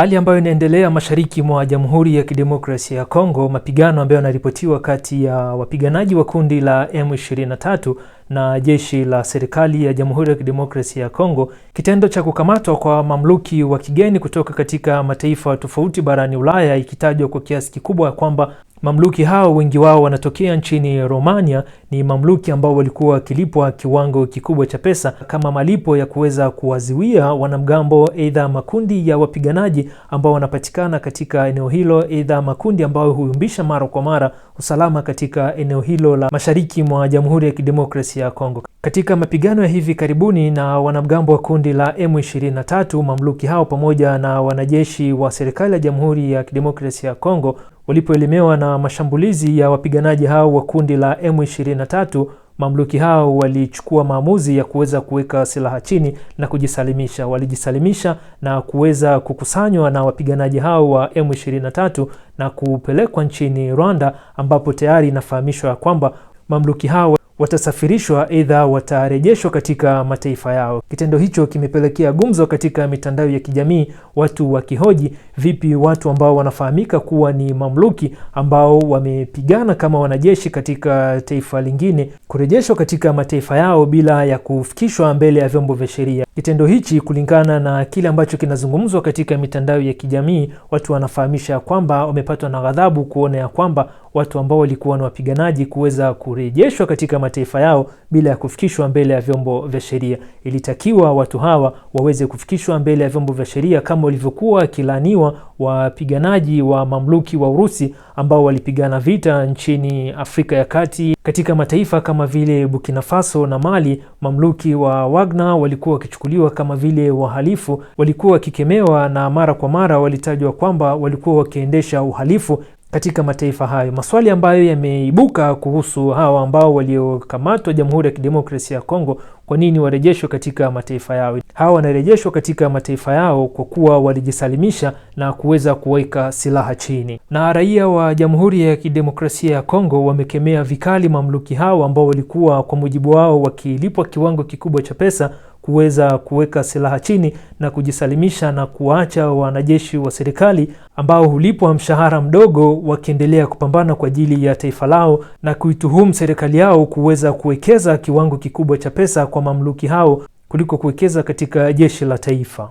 Hali ambayo inaendelea mashariki mwa Jamhuri ya Kidemokrasia ya Kongo, mapigano ambayo yanaripotiwa kati ya wapiganaji wa kundi la M23 na jeshi la serikali ya Jamhuri ya Kidemokrasia ya Kongo. Kitendo cha kukamatwa kwa mamluki wa kigeni kutoka katika mataifa tofauti barani Ulaya ikitajwa kwa kiasi kikubwa kwamba Mamluki hao wengi wao wanatokea nchini Romania. Ni mamluki ambao walikuwa wakilipwa kiwango kikubwa cha pesa kama malipo ya kuweza kuwaziwia wanamgambo, aidha makundi ya wapiganaji ambao wanapatikana katika eneo hilo, aidha makundi ambayo huyumbisha mara kwa mara usalama katika eneo hilo la mashariki mwa Jamhuri ya Kidemokrasia ya Kongo. Katika mapigano ya hivi karibuni na wanamgambo wa kundi la M23, mamluki hao pamoja na wanajeshi wa serikali ya Jamhuri ya Kidemokrasia ya Kongo Walipoelemewa na mashambulizi ya wapiganaji hao wa kundi la M23, mamluki hao walichukua maamuzi ya kuweza kuweka silaha chini na kujisalimisha. Walijisalimisha na kuweza kukusanywa na wapiganaji hao wa M23 na kupelekwa nchini Rwanda, ambapo tayari inafahamishwa kwamba mamluki hao watasafirishwa aidha watarejeshwa katika mataifa yao. Kitendo hicho kimepelekea gumzo katika mitandao ya kijamii, watu wakihoji vipi watu ambao wanafahamika kuwa ni mamluki ambao wamepigana kama wanajeshi katika taifa lingine kurejeshwa katika mataifa yao bila ya kufikishwa mbele ya vyombo vya sheria. Kitendo hichi kulingana na kile ambacho kinazungumzwa katika mitandao ya kijamii, watu wanafahamisha kwamba wamepatwa na ghadhabu kuona ya kwamba watu ambao walikuwa ni wapiganaji kuweza kurejeshwa katika mataifa yao bila ya kufikishwa mbele ya vyombo vya sheria. Ilitakiwa watu hawa waweze kufikishwa mbele ya vyombo vya sheria kama walivyokuwa wakilaaniwa wapiganaji wa mamluki wa Urusi ambao walipigana vita nchini Afrika ya Kati. Katika mataifa kama vile Burkina Faso na Mali, mamluki wa Wagner walikuwa wakichukuliwa kama vile wahalifu, walikuwa wakikemewa na mara kwa mara walitajwa kwamba walikuwa wakiendesha uhalifu katika mataifa hayo. Maswali ambayo yameibuka kuhusu hawa ambao waliokamatwa Jamhuri ya Kidemokrasia ya Kongo, kwa nini warejeshwe katika mataifa yao? Hawa wanarejeshwa katika mataifa yao kwa kuwa walijisalimisha na kuweza kuweka silaha chini. Na raia wa Jamhuri ya Kidemokrasia ya Kongo wamekemea vikali mamluki hao ambao walikuwa kwa mujibu wao wakilipwa kiwango kikubwa cha pesa kuweza kuweka silaha chini na kujisalimisha na kuwaacha wanajeshi wa serikali ambao hulipwa mshahara mdogo wakiendelea kupambana kwa ajili ya taifa lao na kuituhumu serikali yao kuweza kuwekeza kiwango kikubwa cha pesa kwa mamluki hao kuliko kuwekeza katika jeshi la taifa.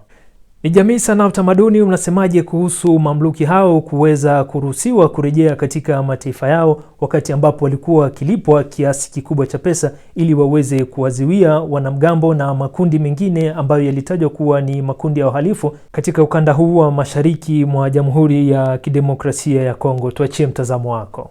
Ni jamii sana utamaduni, unasemaje kuhusu mamluki hao kuweza kuruhusiwa kurejea katika mataifa yao wakati ambapo walikuwa wakilipwa kiasi kikubwa cha pesa ili waweze kuwaziwia wanamgambo na makundi mengine ambayo yalitajwa kuwa ni makundi ya uhalifu katika ukanda huu wa mashariki mwa Jamhuri ya Kidemokrasia ya Kongo? Tuachie mtazamo wako.